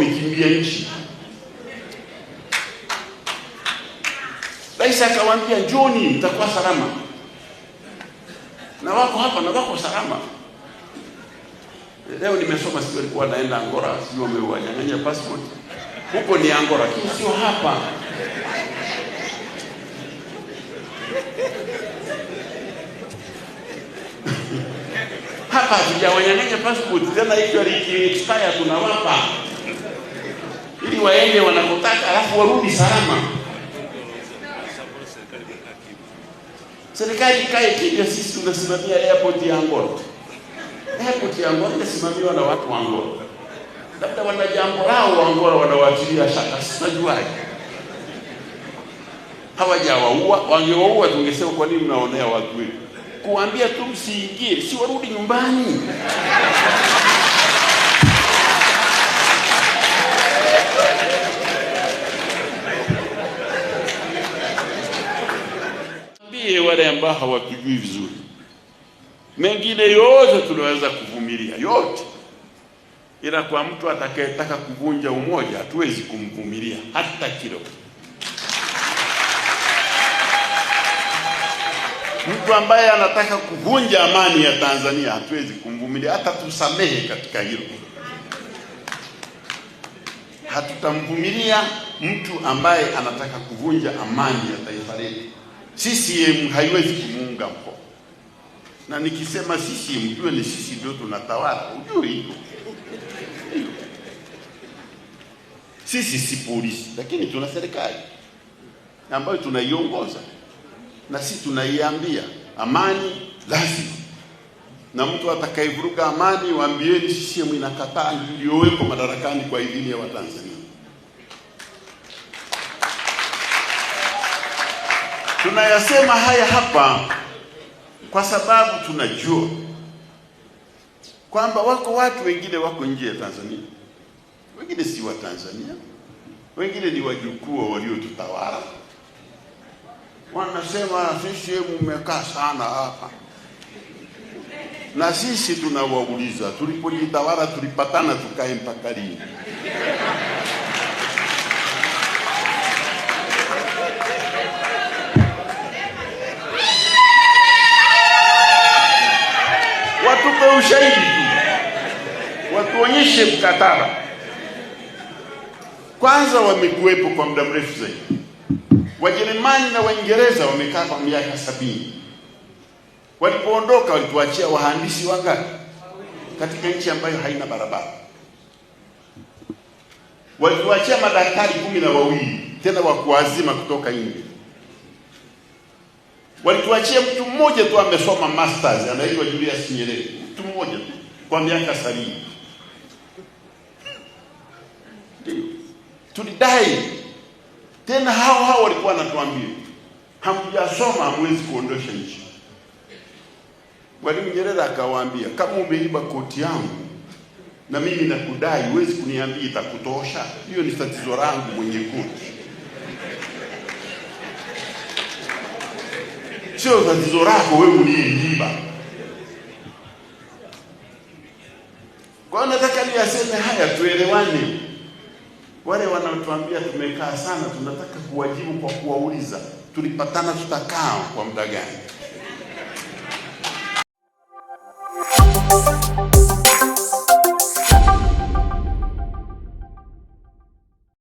wamekimbia nchi. Rais akawaambia njoni, mtakuwa salama, na wako hapa na wako salama. Leo nimesoma sio, alikuwa naenda Angola, sio wamewanyang'anya passport huko, ni Angola, lakini sio hapa. hapa hatujawanyang'anya passport tena, hiyo expire tunawapa ili waende wanapotaka, alafu warudi salama. Serikali kae kimya, sisi tunasimamia airport ya Angola. Airport ya Angola inasimamiwa na watu wa Angola, labda wana jambo lao wa Angola wanawachilia shaka, sinajuaje hawajawaua. Wangewaua tungesema kwa nini mnaonea watu wetu? Kuambia tu msiingie, si warudi nyumbani tuvumilie wale ambao hawatujui vizuri. Mengine yote tunaweza kuvumilia yote, ila kwa mtu atakayetaka kuvunja umoja hatuwezi kumvumilia hata kidogo. Mtu ambaye anataka kuvunja amani ya Tanzania hatuwezi kumvumilia hata tusamehe katika hilo. Hatutamvumilia mtu ambaye anataka kuvunja amani ya taifa letu. CCM haiwezi kumuunga mkono, na nikisema CCM jue ni sisi ndio tunatawala, ujue hiyo. Sisi si polisi, lakini tuna serikali ambayo tunaiongoza na si tunaiambia amani lazima, na mtu atakayevuruga amani waambieni CCM inakataa, iliyowekwa madarakani kwa idhini ya Watanzania. Tunayasema haya hapa kwa sababu tunajua kwamba wako watu wengine wako nje ya Tanzania, wengine si wa Tanzania, wengine ni wajukuu waliotutawala. Wanasema sisi mmekaa sana hapa, na sisi tunawauliza tulipojitawala tulipatana tukae mpaka lini? tupe ushahidi tu, watuonyeshe mkataba kwanza. Wamekuwepo kwa muda mrefu zaidi. Wajerumani na Waingereza wamekaa kwa miaka sabini. Walipoondoka walituachia wahandisi wangapi katika nchi ambayo haina barabara? Walituachia madaktari kumi na wawili tena wa kuazima kutoka India. Walituachia mtu mmoja tu amesoma masters anaitwa Julius Nyerere mtu mmoja kwa miaka sabini. Ndio tulidai tena, hao hao walikuwa wanatuambia hamjasoma, hamwezi kuondosha nchi. Mwalimu Nyerere akawaambia, kama umeiba koti yangu na mimi nakudai, huwezi kuniambia itakutosha. Hiyo ni tatizo langu mwenye koti, sio tatizo lako wewe ulieiba. Kwa hiyo nataka niyaseme haya tuelewane. Wale wanaotuambia tumekaa sana, tunataka kuwajibu kwa kuwauliza tulipatana, tutakaa kwa muda gani?